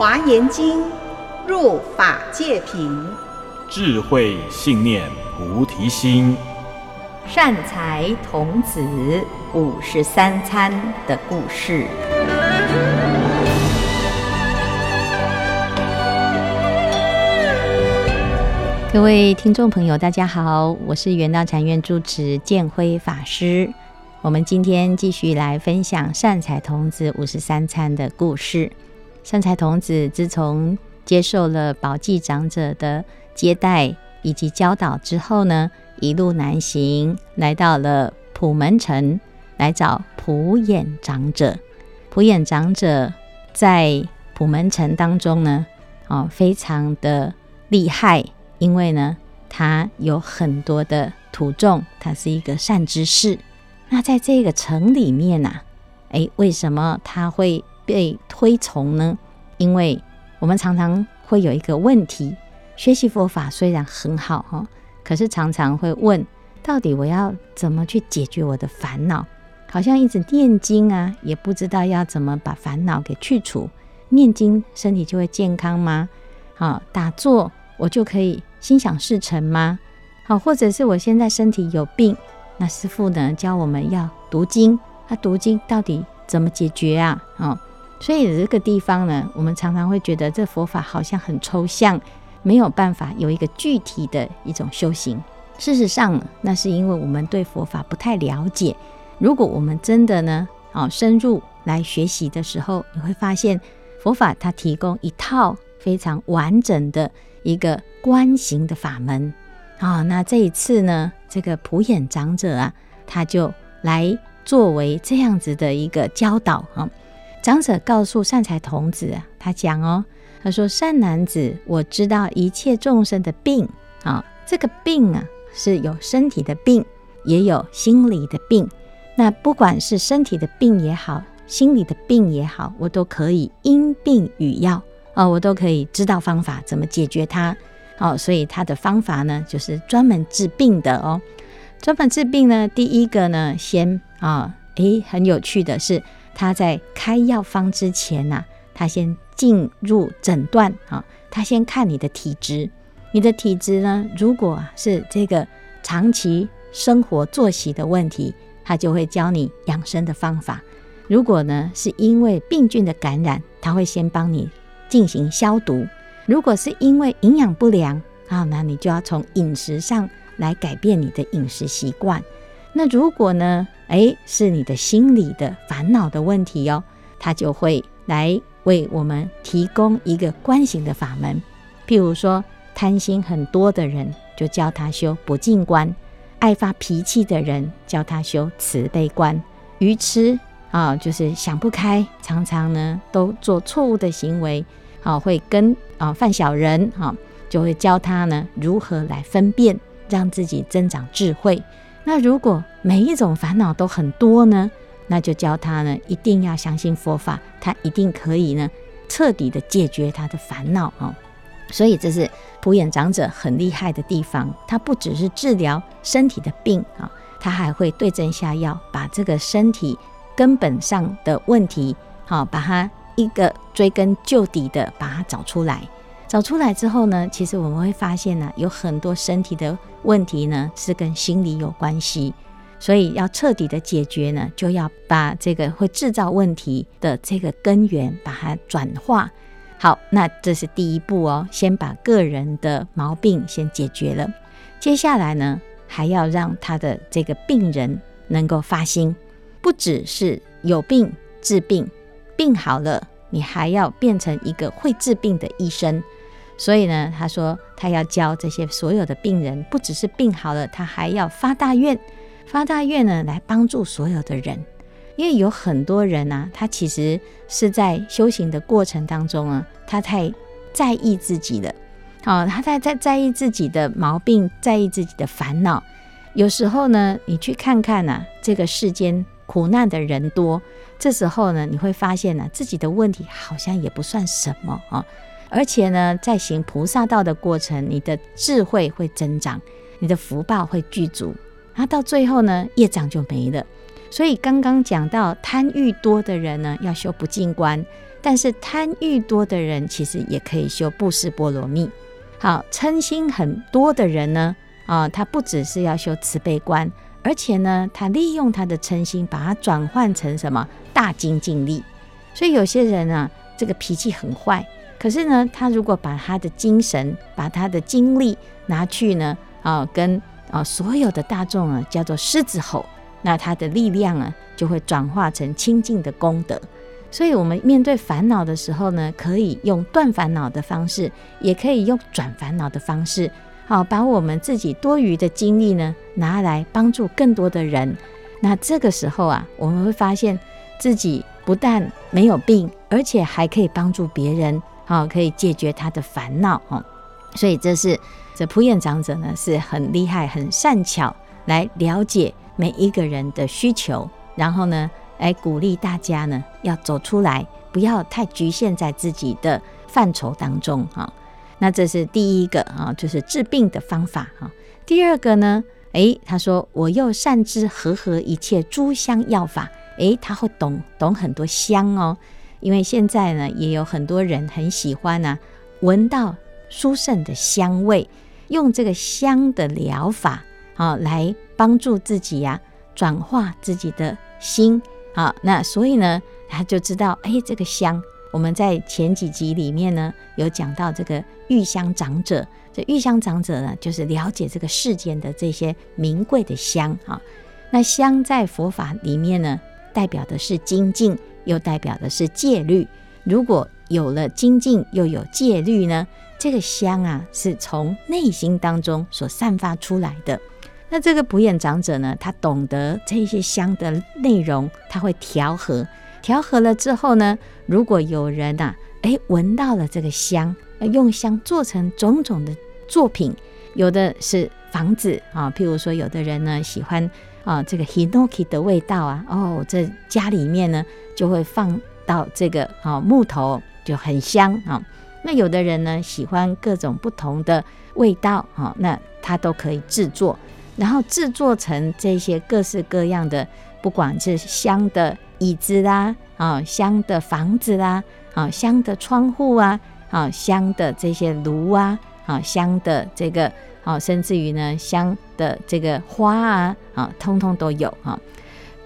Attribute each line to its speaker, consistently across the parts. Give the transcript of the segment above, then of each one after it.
Speaker 1: 華嚴經入法界品，智慧信念菩提心，善財童子五十三參的故事。各位聽眾朋友，大家好，我是圓道禪院住持見輝法師。我們今天繼續來分享善財童子五十三參的故事。善財童子自從接受了寶髻長者的接待以及教導之後呢，一路南行，來到了普門城，來找普眼長者。普眼長者在普門城當中呢、哦，非常的厲害，因為呢，他有很多的徒眾，他是一個善知識。那在這個城裡面呢、啊，哎，為什麼他會？被推崇呢，因為我們常常會有一個問題：學習佛法雖然很好哈，可是常常會問，到底我要怎麼去解決我的煩惱？好像一直念經啊，也不知道要怎麼把煩惱給去除。念經身體就會健康嗎？好，打坐我就可以心想事成嗎？好，或者是我現在身體有病，那師父呢教我們要讀經，那、啊、讀經到底怎麼解決啊？好。所以這個地方呢，我們常常會覺得這佛法好像很抽象，沒有辦法有一個具體的一種修行。事實上呢，那是因為我們對佛法不太了解。如果我們真的呢，好深入來學習的時候，你會發現佛法它提供一套非常完整的、一個觀行的法門。啊，那這一次呢，這個普眼長者啊，他就來作為這樣子的一個教導啊。長者告訴善財童子，他講哦，他說善男子，我知道一切眾生的病啊、哦，這個病啊是有身體的病，也有心理的病。那不管是身體的病也好，心理的病也好，我都可以因病與藥啊、哦，我都可以知道方法怎麼解決它。好、哦，所以他的方法呢，就是專門治病的哦。專門治病呢，第一個呢，先啊，哎、哦，很有趣的是，他在開藥方之前呢啊，他先進入診斷啊，他先看你的體質。你的體質呢，如果是這個長期生活作息的問題，他就會教你養生的方法。如果呢，是因為病菌的感染，他會先幫你進行消毒。如果是因為營養不良啊，那你就要從飲食上來改變你的飲食習慣。那如果呢？誒是你的心理的煩惱的問題喲、哦，他就會來為我們提供一個觀行的法門。譬如說，貪心很多的人，就教他修不淨觀；愛發脾氣的人，教他修慈悲觀；愚痴啊、哦，就是想不開，常常呢都做錯誤的行為，啊、哦，會跟啊犯、哦、小人、哦，就會教他呢如何來分辨，讓自己增長智慧。那如果每一種煩惱都很多呢，那就教他呢，一定要相信佛法，他一定可以呢，徹底的解決他的煩惱哦，所以這是普眼長者很厲害的地方，他不只是治療身體的病啊、哦，他還會對症下藥，把這個身體根本上的問題，好、哦，把它一個追根究底的把它找出來。找出來之後呢，其實我們會發現呢，啊，有很多身體的問題呢是跟心理有關係，所以要徹底的解決呢，就要把這個會製造問題的這個根源把它轉化好。那這是第一步哦，先把個人的毛病先解決了。接下來呢，還要讓他的這個病人能夠發心，不只是有病治病，病好了，你還要變成一個會治病的醫生。所以呢，他說他要教這些所有的病人，不只是病好了，他還要發大願，發大願呢來幫助所有的人。因為有很多人呢、啊，他其實是在修行的過程當中啊，他太在意自己了，哦，他太在在意自己的毛病，在意自己的煩惱。有時候呢，你去看看吶、啊，這個世間苦難的人多，這時候呢，你會發現呢、啊，自己的問題好像也不算什麼啊。哦而且呢，在行菩薩道的過程，你的智慧會增長，你的福報會具足，然、啊、到最後呢，業障就沒了。所以剛剛講到貪欲多的人呢，要修不淨觀；但是貪欲多的人其實也可以修布施波羅蜜。好，嗔心很多的人呢，啊，他不只是要修慈悲觀，而且呢，他利用他的嗔心，把它轉換成什麼大精進力。所以有些人呢、啊，這個脾氣很壞。可是呢，他如果把他的精神、把他的精力拿去呢，啊、哦，跟啊、哦、所有的大眾啊，叫做獅子吼，那他的力量啊，就會轉化成清淨的功德。所以，我們面對煩惱的時候呢，可以用斷煩惱的方式，也可以用轉煩惱的方式，好、哦，把我們自己多餘的精力呢，拿來幫助更多的人。那這個時候啊，我們會發現自己不但沒有病，而且還可以幫助別人。好、哦，可以解決他的煩惱哦，所以這是這普眼長者呢，是很厲害、很善巧，來了解每一個人的需求，然後呢，來、哎、鼓勵大家呢，要走出來，不要太局限在自己的範疇當中哈、哦，那這是第一個啊、哦，就是治病的方法哈、哦，第二個呢，誒、哎，他說我又善知和合一切諸香藥法，誒、哎，他會懂懂很多香哦。因為現在呢，也有很多人很喜歡呢、啊，聞到殊勝的香味，用這個香的療法啊、哦，來幫助自己呀、啊，轉化自己的心啊、哦。那所以呢，他就知道，哎，這個香，我們在前幾集裡面呢，有講到這個鬻香長者。這鬻香長者呢，就是了解這個世間的這些名貴的香啊、哦。那香在佛法裡面呢，代表的是精進。又代表的是戒律。如果有了精進，又有戒律呢，這個香啊，是從內心當中所散發出來的。那這個普眼長者呢，他懂得這些香的內容，他會調和。調和了之後呢，如果有人啊，哎、欸，聞到了這個香，用香做成種種的作品，有的是房子啊、哦，譬如說，有的人呢喜歡啊、哦，這個 hinoki 的味道啊，哦，這家裡面呢。就會放到這個啊、哦、木頭就很香啊、哦。那有的人呢喜歡各種不同的味道、哦、那他都可以製作，然後製作成這些各式各樣的，不管是香的椅子啦啊、哦，香的房子啦啊、哦，香的窗戶啊啊、哦，香的這些爐啊啊、哦，香的這個啊、哦，甚至於呢香的這個花啊啊、哦，通通都有、哦。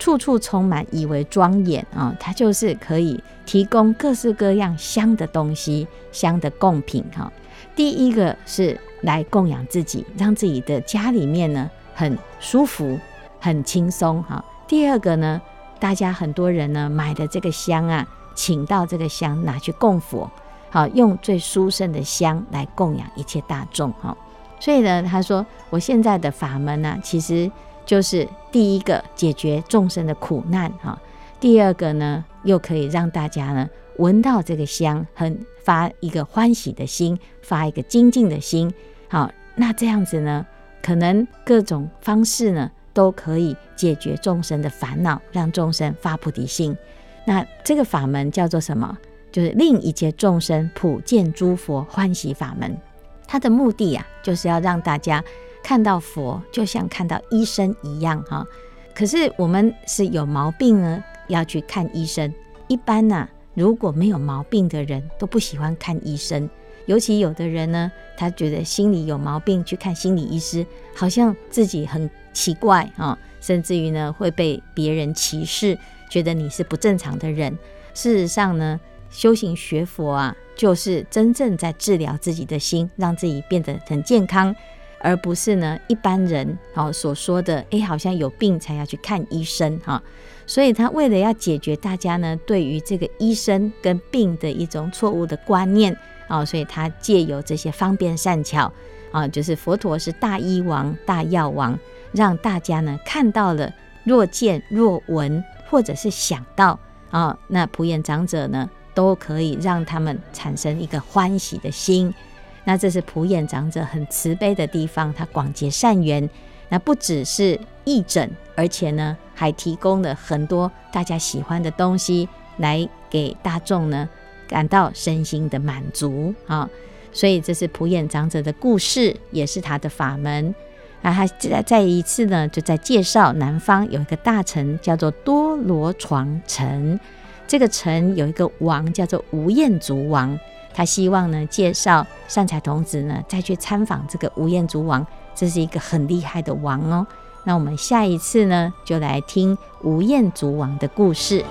Speaker 1: 處處充滿以為莊嚴啊，它、哦、就是可以提供各式各樣香的東西，香的供品哈、哦。第一個是來供養自己，讓自己的家裡面呢很舒服、很輕鬆哈、哦。第二個呢，大家很多人呢買的這個香啊，請到這個香拿去供佛，好、哦、用最殊勝的香來供養一切大眾哈、哦。所以呢，他說我現在的法門呢、啊，其實。就是第一個解決眾生的苦難哈、哦，第二個呢，又可以讓大家呢聞到這個香，很發一個歡喜的心，發一個精進的心。好、哦，那這樣子呢，可能各種方式呢都可以解決眾生的煩惱，讓眾生發菩提心。那這個法門叫做什麼？就是令一切眾生普見諸佛歡喜法門。它的目的啊，就是要讓大家。看到佛就像看到醫生一樣哈，可是我們是有毛病呢，要去看醫生。一般呢，如果沒有毛病的人都不喜歡看醫生，尤其有的人呢，他覺得心裡有毛病去看心理醫師，好像自己很奇怪啊，甚至於呢會被別人歧視，覺得你是不正常的人。事實上呢，修行學佛啊，就是真正在治療自己的心，讓自己變得很健康。而不是呢，一般人哦所說的，哎，好像有病才要去看醫生哈。所以他為了要解決大家呢對於這個醫生跟病的一種錯誤的觀念啊，所以他借由這些方便善巧啊，就是佛陀是大醫王、大藥王，讓大家呢看到了，若見若聞或者是想到啊，那普眼長者呢都可以讓他們產生一個歡喜的心。那這是普眼長者很慈悲的地方，他廣結善緣。那不只是義診，而且呢，還提供了很多大家喜歡的東西，來給大眾呢感到身心的滿足啊、哦。所以這是普眼長者的故事，也是他的法門。那他再再一次呢，就在介紹南方有一個大城叫做多羅床城，這個城有一個王叫做無厭足王。他希望呢，介紹善財童子呢，再去參訪這個無厭足王，這是一個很厲害的王哦。那我們下一次呢，就來聽無厭足王的故事。